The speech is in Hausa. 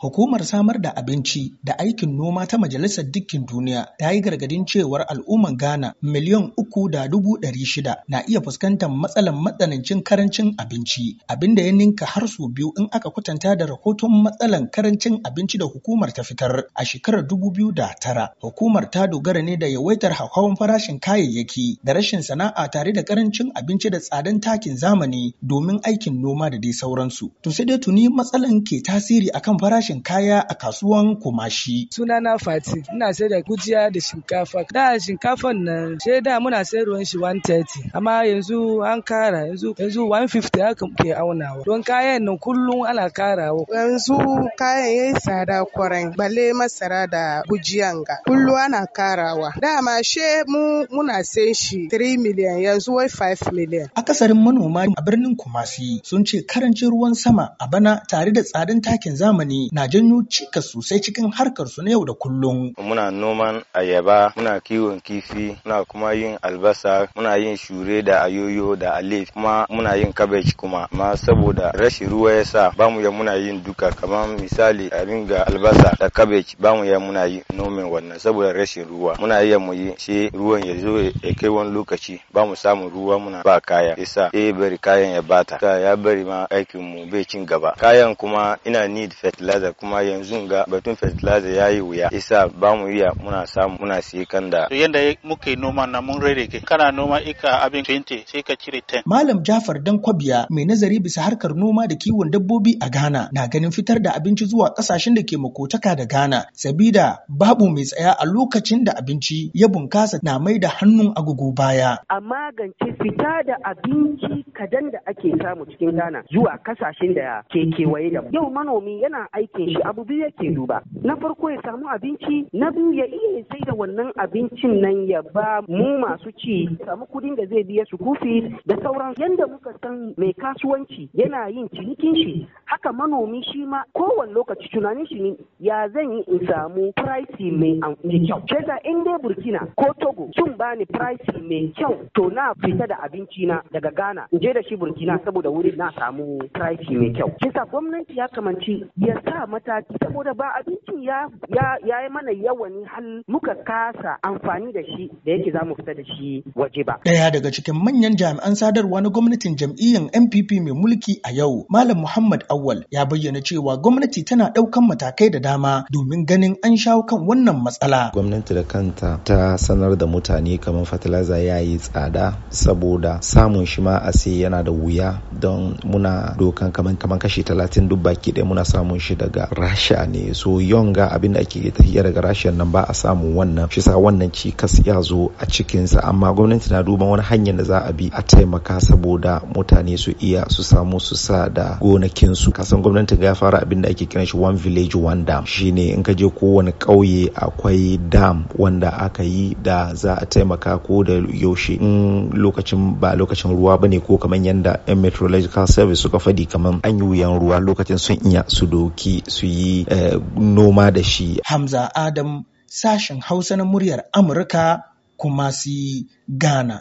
Hukumar samar da abinci da aikin noma ta Majalisar Dukkin Duniya ta yi gargadin cewar al'umman Ghana miliyan uku da dubu ɗari shida na iya fuskantar matsalar matsanancin karancin abinci, abin da ya ninka har su biyu in aka kwatanta da rahoton matsalar karancin abinci da hukumar ta fitar a shekarar dubu biyu da tara. Hukumar ta dogara ne da yawaitar hauhawan farashin kayayyaki da rashin sana'a tare da karancin abinci da tsadan takin zamani domin aikin noma da dai sauransu. To sai dai tuni matsalan ke tasiri akan farashin farashin kaya a kasuwan Kumashi. Sunana Fati, ina sai da gujiya da shinkafa. Da shinkafan nan sai da muna ruwan shi 130, amma yanzu an kara yanzu yanzu 150 haka ke aunawa. Don kayan nan kullum ana karawa. Yanzu kayan yayi tsada kwarai, balle masara da gujiyan ga. Kullum ana karawa. Dama she mu muna sai shi 3 miliyan yanzu wai 5 miliyan. Akasarin manoma a birnin Kumasi sun ce karancin ruwan sama a bana tare da tsadin takin zamani na na janyo cikas sosai cikin harkar su na yau da kullum. Muna noman ayaba, muna kiwon kifi, muna kuma yin albasa, muna yin shure da ayoyo da alif, kuma muna yin kabeji kuma. Ma saboda rashin ruwa ya sa ba mu ya muna yin duka kamar misali a ga albasa da kabeji ba mu ya muna yi nomin wannan saboda rashin ruwa. Muna iya mu yi shi ruwan ya zo ya kai wani lokaci ba mu samu ruwa muna ba kaya. Isa eh bari kayan ya bata. Ya bari ma aikin mu bai cin gaba. Kayan kuma ina need fertilizer fertilizer kuma yanzu ga batun fertilizer ya yi wuya isa ba mu iya muna samu muna siye kan da. yadda muke noma na mun ke kana noma ika abin 20 sai ka cire 10. malam jafar dan kwabiya mai nazari bisa harkar noma da kiwon dabbobi a ghana na ganin fitar da abinci zuwa kasashen da ke makotaka da ghana sabida babu mai tsaya a lokacin da abinci ya bunkasa na mai da hannun agogo baya. a magance fita da abinci kadan da ake samu cikin ghana zuwa kasashen da ke kewaye da yau manomi yana aiki aikin shi abu biyu yake duba na farko ya samu abinci na biyu ya iya sai da wannan abincin nan ya ba mu masu ci samu kudin da zai biya su kufi da sauran yanda muka san mai kasuwanci yana yin cinikin shi haka manomi shi ma kowane lokaci tunanin shi ne ya zan yi in samu price mai kyau shaida in dai burkina ko togo sun bani price mai kyau to na fita da abinci na daga ghana in je da shi burkina saboda wurin na samu price mai kyau kisa gwamnati ya kamanci ya sa mataki saboda ba abincin ya yi mana yawa ne hal muka kasa amfani da shi da yake za mu fita da shi waje ba. Daya daga cikin manyan jami'an sadarwa na gwamnatin jam'iyyar NPP mai mulki a yau Malam Muhammad Awal ya bayyana cewa gwamnati tana ɗaukan matakai da dama domin ganin an shawo kan wannan matsala. Gwamnati da kanta ta sanar da mutane kamar fatalaza ya yi tsada saboda samun shi ma a sai yana da wuya don muna dokan kamar kashi talatin duk baki ɗaya muna samun shi da daga rasha ne so yonga abin da ake tafiya daga rasha nan ba a samu wannan shi sa wannan cikas ya zo a cikinsa amma gwamnati na duban wani hanyar da za a bi a taimaka saboda mutane su iya su samu su sa da gonakinsu kasan gwamnati ga fara abin da ake kiran shi one village one dam shine in ka je kowane ƙauye akwai dam wanda aka yi da za a taimaka ko da yaushe in lokacin ba lokacin ruwa bane ko kamar yanda yan meteorological service suka faɗi kamar an yi wuyan ruwa lokacin sun iya su doki su yi eh, noma da shi. Hamza Adam sashen Hausa na muryar Amurka kuma si Ghana.